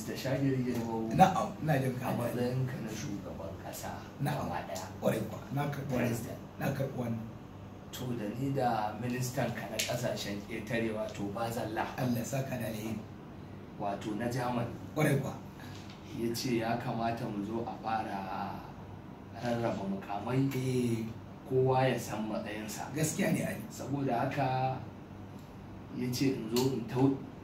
mista Shagir Girbo na'am ina jin ka matsayin ka na shugaban kasa na'am daya ƙwarai kwa na karɓi na karɓi wannan to da ni da ministan ka na ƙasashen ƙetare wato bazalla Allah saka da alheri wato na German ƙwarai kwa ya ce ya kamata mu zo a fara rarraba mukamai eh. kowa ya san matsayinsa gaskiya ne ai saboda haka ya ce in zo in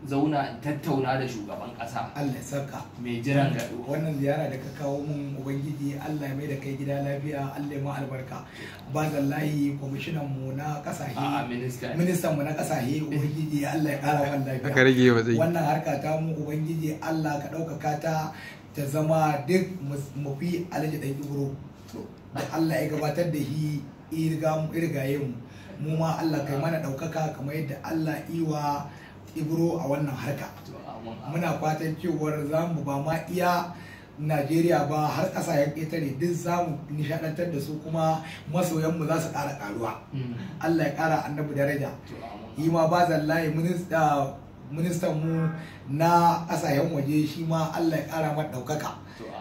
zauna tattauna da shugaban kasa. Allah sarka mai jiran gado wannan ziyara da ka kawo mun ubangiji Allah mai da kai gida lafiya Allah ma albarka ba zallahi kwamishinan mu na ƙasashe a minista ministan mu na ƙasashe ubangiji Allah ya kara wannan lafiya Ka rage zai. wannan harka ta mu ubangiji Allah ka ɗaukaka ta ta zama duk mafi alaji ɗan ibro da Allah ya gabatar da shi irgaye mu mu ma Allah kai mana ɗaukaka kamar yadda Allah iwa ibro a wannan harka muna fatan cewar za mu ba ma iya najeriya ba har ƙasashen ƙetare duk za mu nishaɗantar da su kuma masoyanmu za su ƙara ƙaruwa allah ya ƙara annabi daraja yi ma ba zallaye ministan mu na ƙasashen waje shi ma allah ya ƙara mata ɗaukaka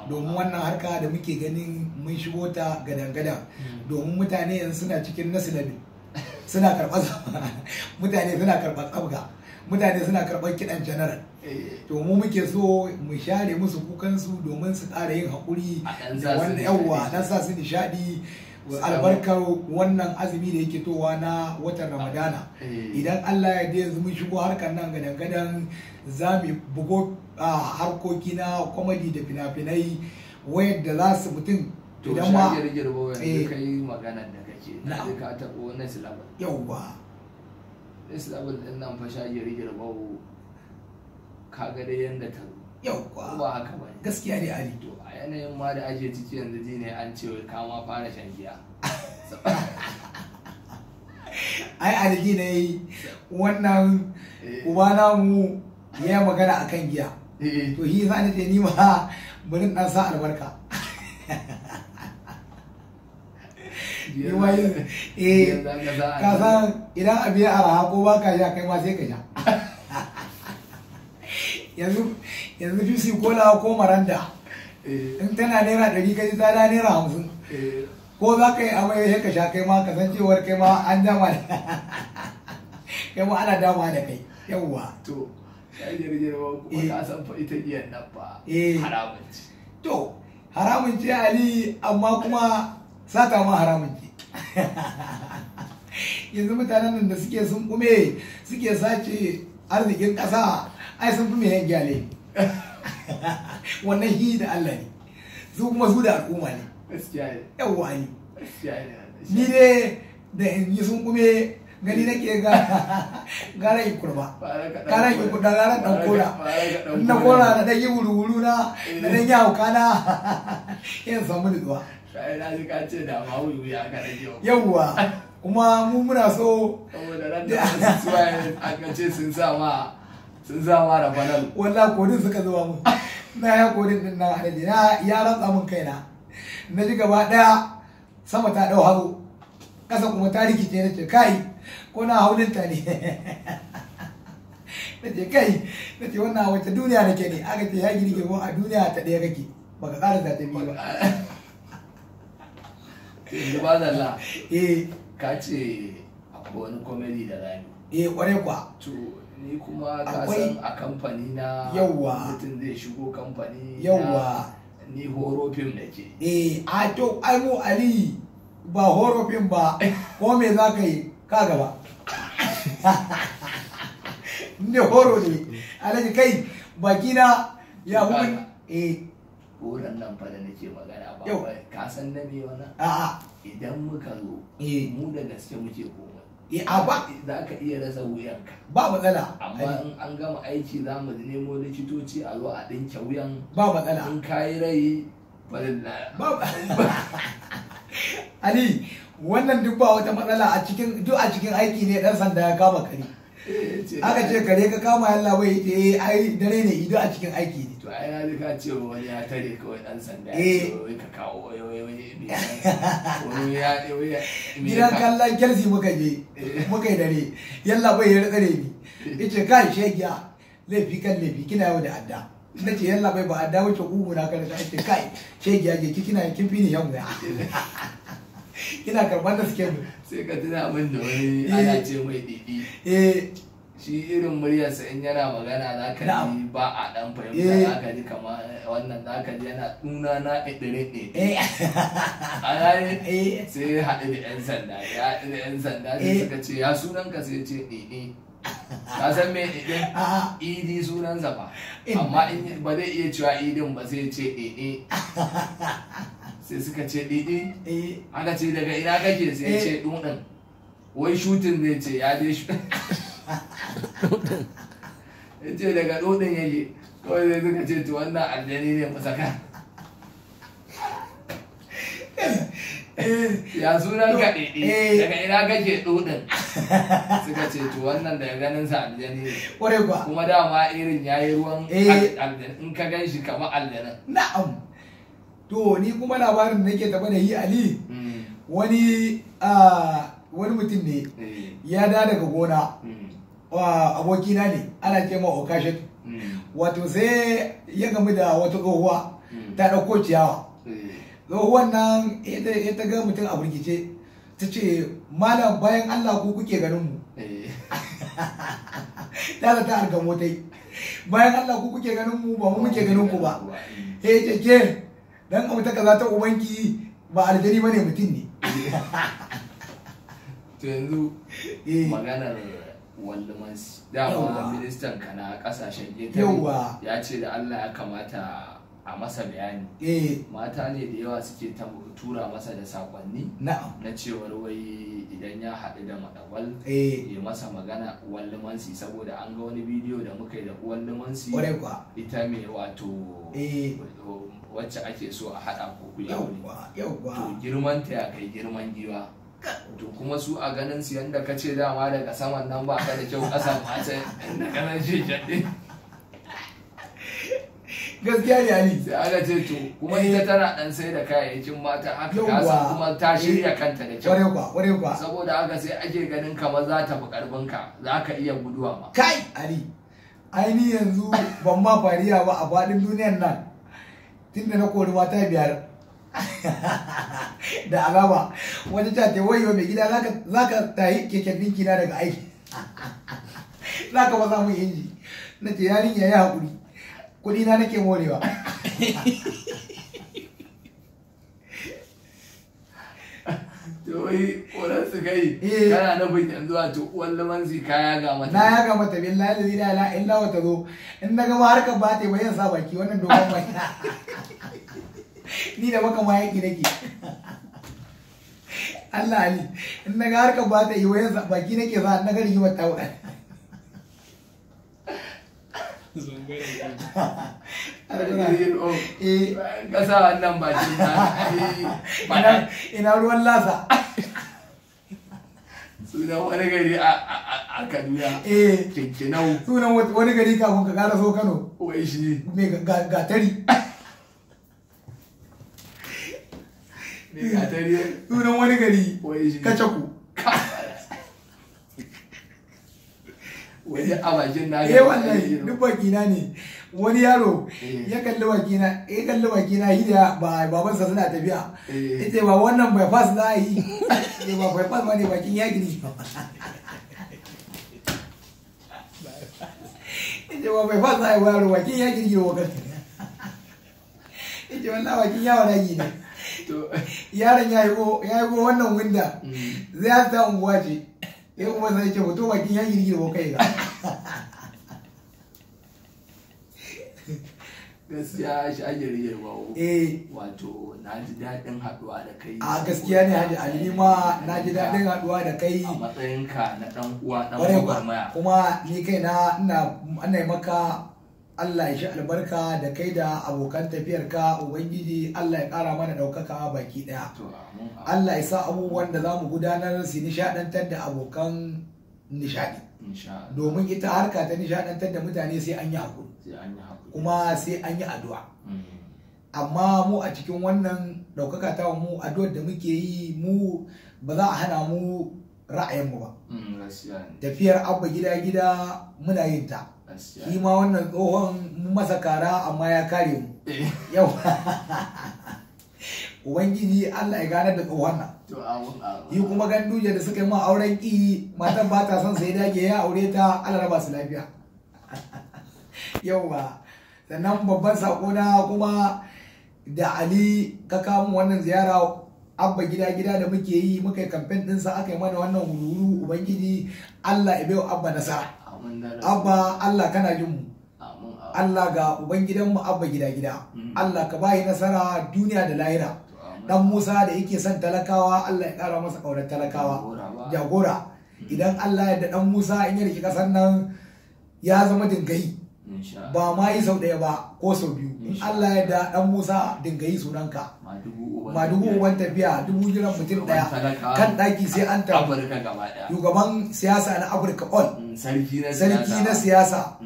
domin wannan harka da muke ganin mun shigo ta gadan domin mutane yanzu suna cikin nasilabi suna karɓar mutane suna karɓar tsabga mutane suna karɓar kiɗan janaral eh. to mu muke so mu share musu kukansu domin su ƙara yin haƙuri da wannan yawwa na sa su nishaɗi albarkar wannan azumi da yake towa na watan ramadana eh. idan allah ya da yanzu mun shigo harkar nan gadan-gadan za mu bugo harkoki na kwamadi da fina-finai wayar da za su mutum idan ma to shagirgir bawa eh. yanzu kai magana da kake na ka taɓo wannan silaba yauwa this level din nan fa shagiri girbabu kaga dai yadda ta kwa ba haka ba gaskiya ne ali to a yanayin ma da ake ciki yanzu ji ne an ce ka ma fara shan giya ai alji ne wannan eh. uba namu ya magana akan giya eh. to shi yasa ne ni ma bari dan sa albarka yiwayi eh ka san idan abu ya araha ko ba ka sha kai ma sai ka sha yanzu yanzu fisi kola ko maranda eh. in tana naira ɗari kai tsada naira hamsin eh. ko za ka yi amai sai ka sha kai ma kasancewar kai ma an dama da kai ma ana dama da kai yawwa to jirgirwa kuma eh. ka san fa ita iya nan ba haramun to haramun ce ali amma kuma sata ma haramun ke yanzu mutanen nan da suke sun kume suke sace arzikin ƙasa ai sun fi mai gyale wannan hi da Allah ne su kuma su da al'umma ne yawwa ne ni dai da yi sun kume gani nake ga gara yi kurba gara yi kurba gara dan kora na kora na dan yi wuru na na dan yi hauka na yin samu nutsuwa na ji ka ce da ma wuyu ya ka Yau yawwa kuma mu muna so saboda ran da su aka ce sun sa ma sun sa ma da falal wallahi kodin suka zuba mu na ya kodin din na hadaji na ya rantsa mun kaina na ji gaba daya sama ta dau hazo kasa kuma ta rikice na ce kai ko na haulin ta ne na ce kai na ce wannan wata duniya nake ne aka ce ya girgirwa a duniya ta ɗaya kake baka ƙara zata biyu ba subhanallah eh ka ce akwai comedy da rani eh to ni kuma ka san a kamfani na yawa mutum zai shigo kamfani yawa ni horo da ke eh a to ai mu ali ba horo film ba ko me za ka yi ka gaba ne horo ne alaji kai baki na eh goron nan fa da nake magana ba wai ka san na me wannan a'a idan muka zo eh. mu da gaske muke komai eh, a ba za ka iya rasa wuyanka ba matsala amma in an gama aiki za mu nemo likitoci a zo a dinke wuyan ba matsala in kayi rai ba ali wannan duk ba wata matsala a cikin duk a cikin aiki ne dan sanda ya kama kare eh, aka ce kare ka kama yalla bai eh ai dare ne idan a cikin aiki ne to ai na ji ka ce wani ya tare kawai dan sanda ya eh. ce wai ka kawo wai wai wai ya ya gidan kallon kelsi muka je eh. muka yi dare yalla bai ya tsare ni eh. yace kai shegiya laifi kan laifi kina yau da adda na ce yalla bai ba adda wuce kugu na kan ta ce kai shegiya je kina kin fi ni yan wuya kina karban da suke sai ka tuna abin da wani ana ce mai didi eh shi irin muryarsa in yana magana za ka ji ba a dan fahimta eh. za ka ji kama wannan za ka ji yana tuna na ɗiɗire ɗiɗe eh. a yayi eh. sai ya haɗu da yan sanda ya haɗu da yan sanda sai suka ce ya sunan ka sai ce ɗiɗi? ka san me ɗiɗe ah. idi sunansa ba amma ba zai iya cewa idin ba sai ce ɗiɗi? sai suka ce ɗiɗi? aka ce daga ina kake sai ce ɗuɗin wai shutin zai ce ya je shutin ya ce daga dodin yake kawai zai suka ce to wannan aljani ne musaka ya sunan ka ɗaiɗe eh. daga ina kake dodin suka ce to wannan daga ganin sa aljani ne ƙware kuwa kuma dama irin yayi ruwan eh. aljani in ka gan shi kamar aljanin na'am to ni kuma labarin da nake taɓa da yi ali hmm. wani ah, wani mutum ne eh. ya da daga gona mm. abokina ne ana ce ma okashin mm. wato sai ya gamu da wata tsohuwa mm. ta ɗauko ciyawa gohuwan eh. nan ya ta ga mutum a burgice ta ce malam bayan allah ku kuke ganin mu eh. ta ta argamo ta yi bayan allah ku kuke ganin mu ba mu muke ganin ku ba ya ce ke dan abu ta kaza ta ubanki ba aljani ba ne mutum ne to yanzu eh. maganar wallumansi dama ministan ka na kasashen yawa ya ce da allah ya kamata a masa bayani eh. mata ne da yawa suke tura masa da sakonni na cewar wai idan ya haɗu da madawal eh. ya masa magana uwan saboda an ga wani bidiyo da muka yi da uwan ita mai wato eh. wacce ake so a haɗa ko kuya to girmanta ya kai girman giwa to kuma su a ganin su yanda ka ce dama daga saman nan ba ka da kyau ƙasa ma ta yanda kana ce jaɗe gaskiya ne ali sai aka ce to kuma ita eh. tana dan sai da kayayyakin mata haka ka san kuma ta shirya eh. kanta da kyau ware kwa saboda haka sai ake ganin kamar za ta fi karfin ka za ka iya guduwa ma kai ali aini yanzu ban ma fariya ba a faɗin duniyar nan tunda na kori mata biyar da agaba wata ta ta wayo mai gida za ka tayi keken ɗinki na daga aiki za ka fasa mun inji na ce yarin ya yi haƙuri kuɗi na nake morewa wai koran su eh. kana nufin yanzu a to uwan lamanzi ka ga mata na ga mata billahi lazi la ilaha illa wa tazo in na gama harkar ba ta bayan sa baki wannan dogon mai ni da maka ma yake nake Allah Ali in na ga harkar ba ta yi wa yanzu baki nake za a nagari yi mata wuɗa ƙasa eh. wannan ba ce na eh, ina ruwan lasa sunan wani gari a kaduna eh kinkinau sunan wani gari kafin ka gara so kano wai shi ga tari. sunan wani gari kacaku wani abashin na eh, duk ne wani yaro eh. ya kalli wakina ya kalli yi da ba babansa suna tafiya ita eh. ba wannan bai fas za yi ya ba bai fas ma ne bakin ya gini. ita ba bai fas za yi yaro bakin yaki ne wakar ita wannan bakin yawon yaki gini. yaron ya yi go wannan winda mm. zai ya ta unguwa ce ya kuma zai ce hoto bakin ya yi girgirwa kai ga gaskiya shi ake rige bawo eh. wato na ji daɗin haɗuwa da kai a gaskiya ne hajji alimi ma na ji daɗin haɗuwa da kai a matsayinka na ɗan uwa ɗan uwa kuma ni kai na ina maka Allah ya shi albarka da kai da abokan tafiyarka Ubangiji Allah ya ƙara mana ɗaukaka baki ɗaya. Allah ya sa abubuwan da za mu gudanar su nishaɗantar da abokan nishaɗi. Domin ita harka ta nishaɗantar da mutane sai an yi haƙuri. Kuma sai an yi addu'a. Mm. Amma mu a cikin wannan ɗaukaka ta mu addu'ar da muke yi mu ba za a hana mu ra'ayinmu ba. Mm, Tafiyar abba gida gida muna yin ta. shi ma wannan tsohon masa kara amma ya kare mu eh. yau ubangiji allah ya ganar da tsohon nan yi kuma duje da suka yi ma auren ƙi matan ba ta son sai dage ya aure ta allah raba su lafiya yau ba sannan babban sako na kuma da ali ka kamu wannan ziyara abba gida gida da muke yi muka yi kamfen ɗinsa aka yi mana wannan huluru ubangiji allah ya bai abba nasara abba Allah kana jin mu Allah ga ubangidanmu abba gida gida mm. Allah ka bayi nasara duniya da lahira dan Musa da yake son talakawa Allah ya kara masa kaurar talakawa jagora mm. idan Allah ya da dan Musa in ya rike kasar nan ya zama dingayi ba ma yi sau daya ba ko sau biyu Allah ya da dan Musa dinga yi sunanka ma dubu uban tafiya dubu jiran mutum daya kan daki sai an ta shugaban siyasa na Afirka on sarki na siyasa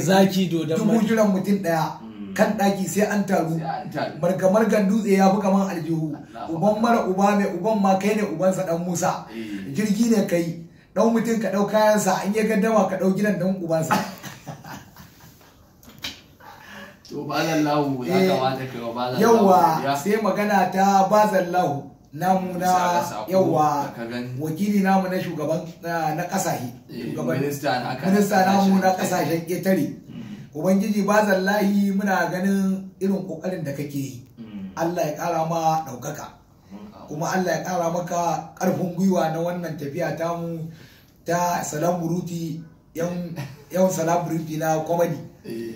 zaki dodon dubu jiran mutum daya kan daki sai an taru mm, mm. eh, mm. margamargan dutse ya fi kaman aljihu uban mara uba mai uban ma kai ne uban sa dan Musa eh. jirgi ne kai dan mutum ka dau kayansa an ya gaddama ka dau gidan dan sa to bazan lahu ya eh, kamata ka bazan lahu yawa sai magana ta bazan lahu namu na yawa wakili namu na shugaban na kasashe eh, minista namu na kasashen ƙetare mm. ubangiji bazan lahi muna ganin irin kokarin da kake yi mm. Allah ya kara ma daukaka kuma Allah ya kara maka karfin gwiwa na wannan tafiya tamu ta salam buruti yan salam buruti na comedy eh.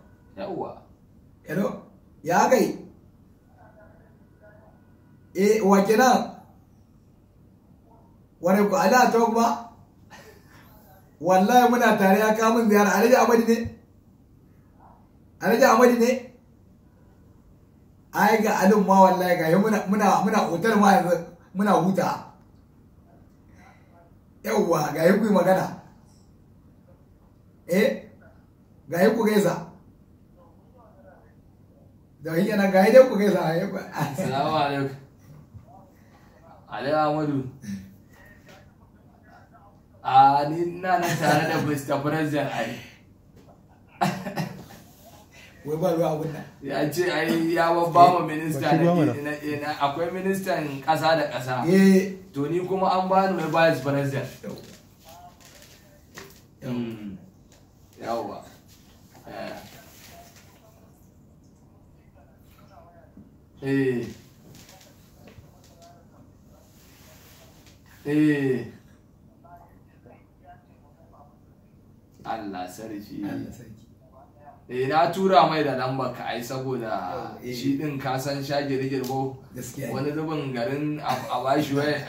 yawwa hello ya kai e wa kenan ware ku ala to ba wallahi muna tare ya kawo min ziyara alhaji amadi ne alhaji amadi ne ai ga alin ma wallahi ga muna muna muna hotel ma yanzu muna huta yawwa ga yi ku magana eh ga yi ku gaisa da hanyar na gaye dai ku kai sa ya ba assalamu alaikum alaikum amadu a ni na nan tare da mr president ai wai ba ruwa abin nan ya ce ai ya babba ma minista na akwai ministan kasa da kasa eh. to ni kuma an bani mai vice president yawwa hmm. eh eh Allah sarki eh na tura mai da lamba ka ai saboda eh. shi din ka san shagiri girbo wani zubin garin a bashi wai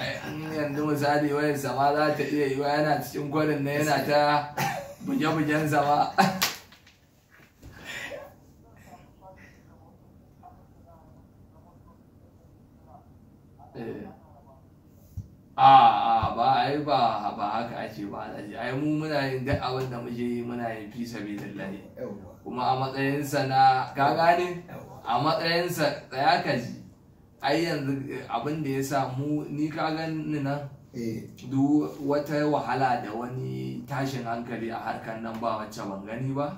yanzu misali wai? sama za ta iya yiwa yana cikin kwarin na yana ta buge-bugen zama a a ba ai ba ba haka ake ba alhaji ai mu muna yin duk abin da muke yi muna yin fi sabilillahi kuma a matsayinsa na ka gane a matsayinsa tsaya ka ji ai yanzu eh, abin da ya sa mu ni ka gani nan eh. duk wata wahala da wani tashin hankali a harkar nan ba wacce ban gani ba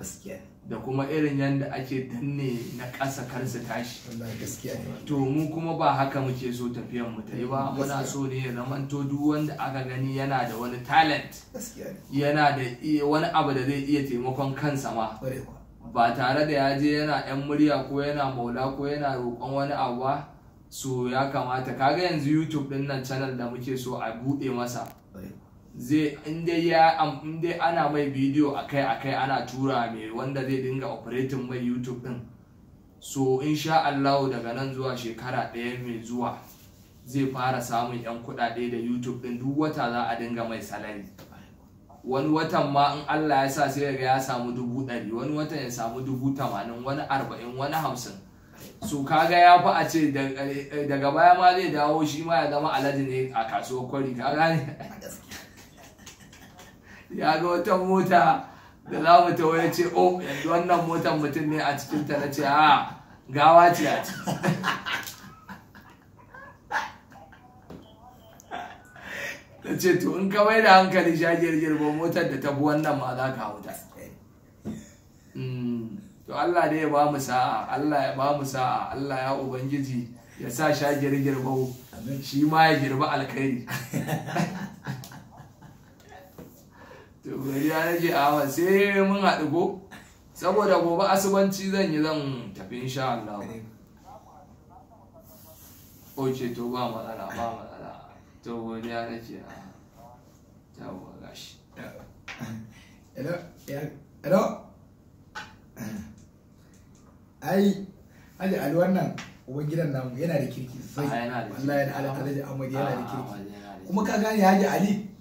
da kuma irin yadda ake danne na ƙasa kar tashi to mu kuma ba haka muke so tafiyan mu ta yi ba muna so ne ya zamanto duk wanda aka gani yana da wani talent yana da wani abu da zai iya taimakon kansa ma ba tare da ya je yana yan murya ko yana maula ko yana roƙon wani abu ba so ya kamata kaga yanzu youtube din nan channel da muke so a buɗe masa zai inda ya inda ana mai bidiyo akai akai ana tura mai wanda zai dinga operating mai youtube din so insha Allah daga nan zuwa shekara ɗaya mai zuwa zai fara samun yan kuɗaɗe da youtube din duk wata za a dinga mai salari wani watan ma in Allah ya sa sai ga ya samu dubu ɗari wani watan ya samu dubu tamanin wani arba'in wani hamsin So kaga ya fi a ce eh, eh, daga baya ma zai dawo shi ma ya zama alade ne a kasuwar kwari kaga ne ya ga wata mota da za mu ta ya ce oh yanzu wannan motar mutum ne a cikin ta na ce a ah, gawa ce a ta ce to in ka mai da hankali shagiyar ba motar da ta bi wannan ma za ka hau ta hmm. to Allah dai ya ba mu sa'a Allah ya ba mu sa'a Allah ya ubangiji ya sa shagiyar ba shi ma ya girba alkhairi to gari ya rage awa sai mun haɗu ko saboda gobe asibanci zan yi zan tafi insha Allah oke to ba matsala ba matsala to godiya nake a yawa gashi hello hello ai haji ali wannan uban gidan namu yana da kirki sai wallahi yana da alƙalaji yana da ah, kirki kuma ka gane haji ali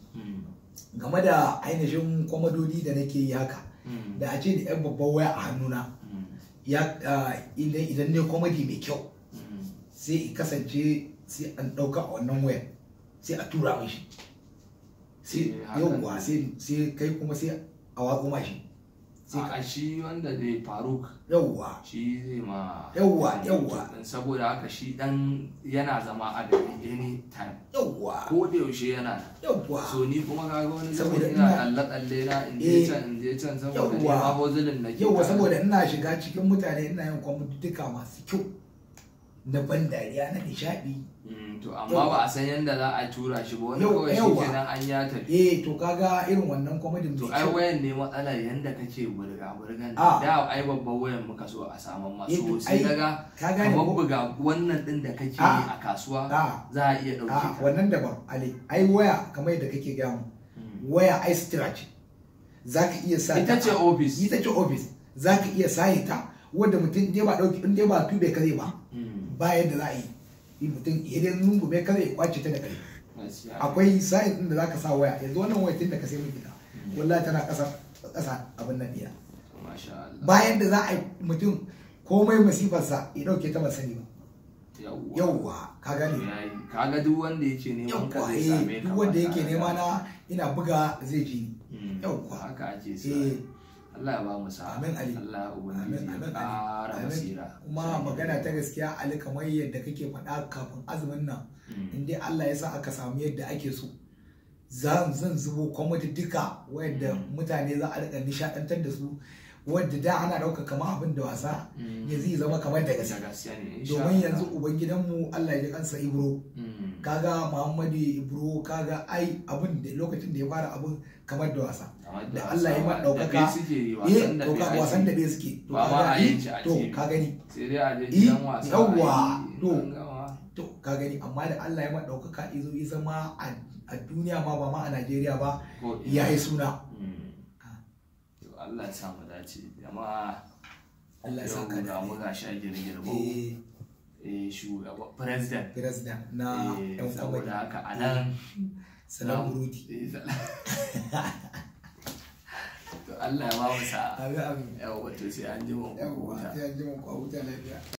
game da ainihin kwamadodi da nake yi haka mm. da a ce da yan babban waya a hannuna mm. idan ne kwamadi mai kyau mm. sai kasance sai an ɗauka a wannan waya, sai a tura mashi sai eh, yauwa sai kai kuma sai a wako mashi sai shi wanda zai faruk yauwa shi zai ma yauwa yauwa saboda haka shi dan yana zama a da any time yauwa ko da yaushe yana yauwa so ni kuma kaga wani saboda ina kalle kalle na in je eh. can in je can saboda ni ma zulun na Yauwa saboda ina shiga cikin mutane ina yin kwamutuka masu kyau na ban dariya na nishadi Mm, to amma ba a san yadda za a tura shi ba wani kawai shi nan an ya tafi eh to kaga irin wannan komedi to ai wayan ne matsalar yanda kace burga burgan ah. da ai babban wayan muka so a samu masu eh, sai kaga kamar buga wannan din da kake ah. yi a kasuwa ah. za a iya dauki ta wannan ba ali ai waya kamar yadda kake ga mu mm. waya ai stretch zaka iya sa ita ce office ita ce office zaka iya sa ita wanda mutum dai ba dauki in dai ba tube kare ba mm. ba yadda za a yi mutum idan lungume kada ya kwace ta da kai akwai sa'in din da zaka sa waya yanzu wannan waya tun da ka sai mun gida wallahi tana kasa kasa abin nan iya bayan da za a mutum komai masifarsa ya dauke ta masani sani ba yauwa ka gane kaga duk wanda yake neman ka zai eh, same ka duk wanda yake nema na ina buga zai ji hmm, yauwa haka ake sa eh. Allah ba mu sa amin ali Allah basira kuma magana ta gaskiya ali kamar yadda kake faɗa kafin azumin nan hmm. in dai Allah ya sa aka samu yadda ake so zan zubo kwamiti duka wadda hmm. mutane za a riƙa nishaɗantar da su wadda da ana ɗauka kamar abin da wasa hmm. yanzu zama kamar da gaske domin yanzu ubangidanmu Allah ya ji kansa ibro kaga muhammadu ibro kaga ai abin da lokacin da ya fara abin kamar da wasa da Allah ya ma daukaka eh daukaka wasan da bai suke to kaga to ka gani sai dai a je eh, wasa yawa to to ka gani amma da Allah ya ma daukaka izo ya zama a duniya ma ba ma a Najeriya ba ya yi suna hmm. ah. Allah ya dace jama'a Allah ya ga shi a girgirbo Eh, shugaban president president na yan eh, saboda haka a nan eh, salamu burudi to Allah ya ba masa sa'a amin amin yawa to sai an ji lafiya